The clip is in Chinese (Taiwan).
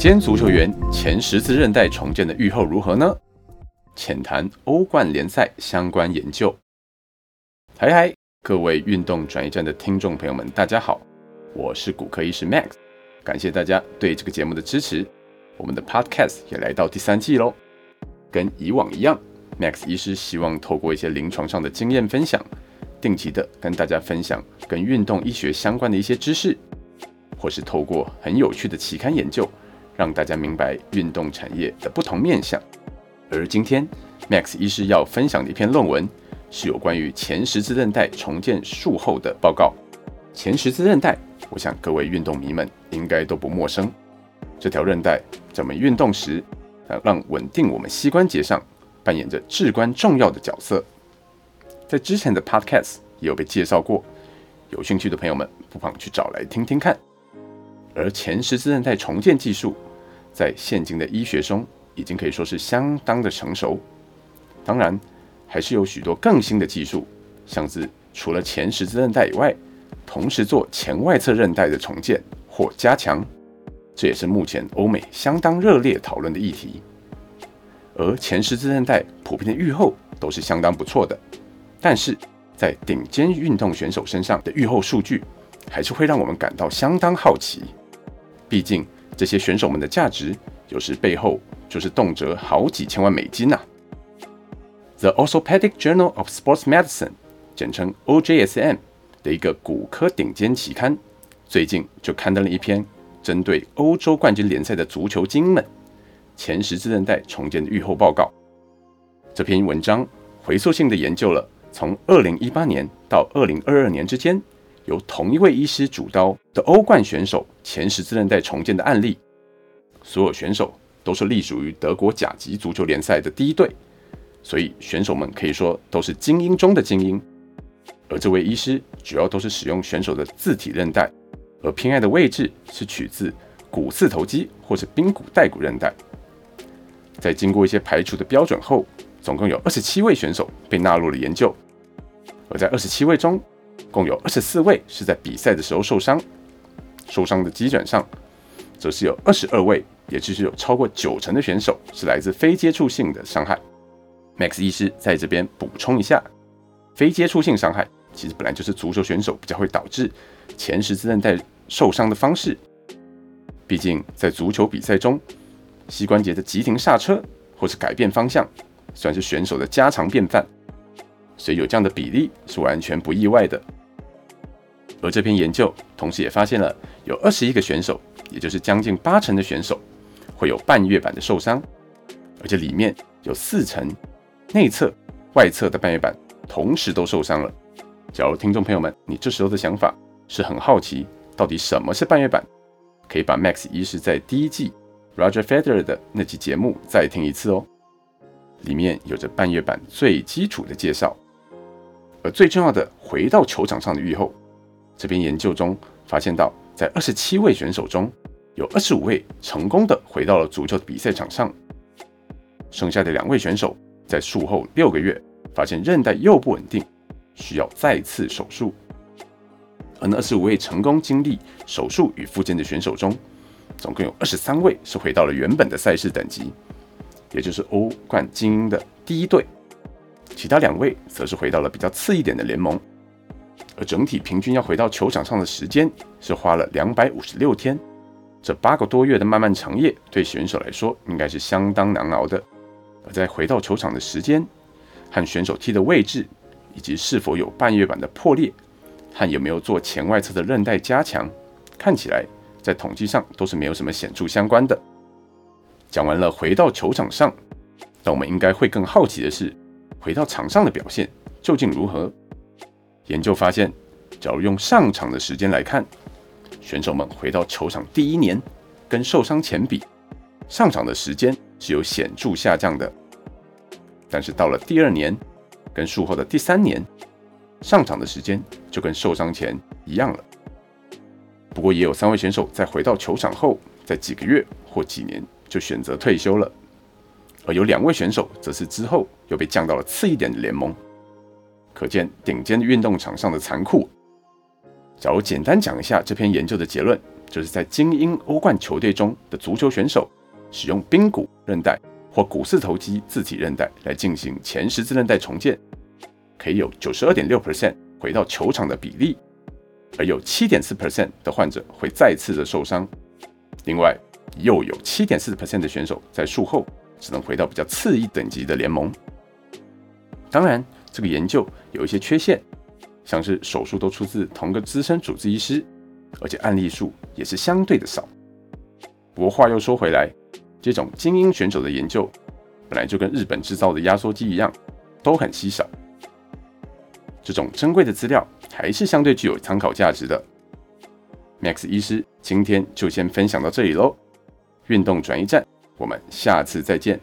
頂尖足球員前十字韌帶重建的預後如何呢？淺談歐冠聯賽相關研究。嗨嗨，各位運動轉驛站的聽眾朋友們，大家好，我是骨科醫師 Max，感謝大家對這個節目的支持。我們的 Podcast 也來到第三季嘍。跟以往一樣，Max 醫師希望透過一些臨床上的經驗分享，定期的跟大家分享跟運動醫學相關的一些知識，或是透過很有趣的期刊研究。讓大家明白運動產業的不同面向。而今天，Max 醫師要分享的一篇論文是有關於前十字韌帶重建術後的報告。前十字韌帶，我想各位運動迷們應該都不陌生。這條韌帶在我們運動時，它讓穩定我們膝關節上扮演着至關重要的角色。在之前的 Podcast 也有被介紹過，有興趣的朋友們不妨去找來聽聽看。而前十字韌帶重建技術。在現今的醫學中，已經可以說是相當的成熟。當然，還是有許多更新的技術，像是除了前十字韌帶以外，同時做前外側韌帶的重建或加強，這也是目前歐美相當熱烈討論的議題。而前十字韌帶普遍的預後都是相當不錯的，但是在頂尖運動選手身上的預後數據，還是會讓我們感到相當好奇，畢竟。這些選手們的價值，有時背後就是動輒好幾千萬美金吶、啊。The Orthopedic Journal of Sports Medicine，簡稱 OJSM，的一個骨科頂尖期刊，最近就刊登了一篇針對歐洲冠軍聯賽的足球精英們前十字韌帶重建的預後報告。這篇文章回溯性地研究了從2018年到2022年之間。由同一位醫師主刀的歐冠選手前十字韌帶重建的案例，所有選手都是隸屬於德國甲級足球聯賽的第一隊，所以選手們可以說都是精英中的精英。而這位醫師主要都是使用選手的自體韌帶，而偏愛的位置是取自股四頭肌或者髕骨帶骨韌帶。在經過一些排除的標準後，總共有二十七位選手被納入了研究，而在二十七位中。共有二十四位是在比賽的時候受傷，受傷的機轉上，則是有二十二位，也就是有超過九成的選手是來自非接觸性的傷害。Max 醫師在這邊補充一下，非接觸性傷害其實本來就是足球選手比較會導致前十字韌帶受傷的方式，畢竟在足球比賽中，膝關節的急停剎車或是改變方向，算是選手的家常便飯，所以有這樣的比例是完全不意外的。而這篇研究同時也發現了，有二十一個選手，也就是將近八成的選手，會有半月板的受傷，而且裡面有四成，內側、外側的半月板同時都受傷了。假如聽眾朋友們，你這時候的想法是很好奇到底什麼是半月板，可以把 Max 醫師在第一季 Roger Federer 的那期節目再聽一次哦，裡面有着半月板最基礎的介紹，而最重要的回到球場上的預後。這邊研究中發現到，在二十七位選手中，有二十五位成功的回到了足球比賽場上，剩下的兩位選手在術後六個月發現韌帶又不穩定，需要再次手術。而那二十五位成功經歷手術與復健的選手中，總共有二十三位是回到了原本的賽事等級，也就是歐冠精英的第一隊，其他兩位則是回到了比較次一點的聯盟。而整體平均要回到球場上的時間是花了兩百五十六天，這八個多月的漫漫長夜對選手來說應該是相當難熬的。而在回到球場的時間，和選手踢的位置，以及是否有半月板的破裂，和有沒有做前外側的韌帶加強，看起來在統計上都是沒有什麼顯著相關的。講完了回到球場上，那我們應該會更好奇的是，回到場上的表現究竟如何？研究發現，假如用上場的時間來看，選手們回到球場第一年跟受傷前比，上場的時間是有顯著下降的。但是到了第二年跟術後的第三年，上場的時間就跟受傷前一樣了。不過也有三位選手在回到球場後，在幾個月或幾年就選擇退休了，而有兩位選手則是之後又被降到了次一點的聯盟。可見頂尖的運動場上的殘酷。假如簡單講一下這篇研究的結論，就是在精英歐冠球隊中的足球選手，使用髕骨韌帶或股四頭肌自體韌帶來進行前十字韌帶重建，可以有九十二點六 percent 回到球場的比例，而有七點四 percent 的患者會再次的受傷。另外，又有七點四 percent 的選手在術後只能回到比較次一等級的聯盟。當然，這個研究有一些缺陷，像是手術都出自同個資深主治醫師，而且案例數也是相對的少。不過話又說回來，這種精英選手的研究，本來就跟日本製造的壓縮機一樣，都很稀少。這種珍貴的資料還是相對具有參考價值的。Max 醫師今天就先分享到這裡嘍，運動轉驛站，我們下次再見。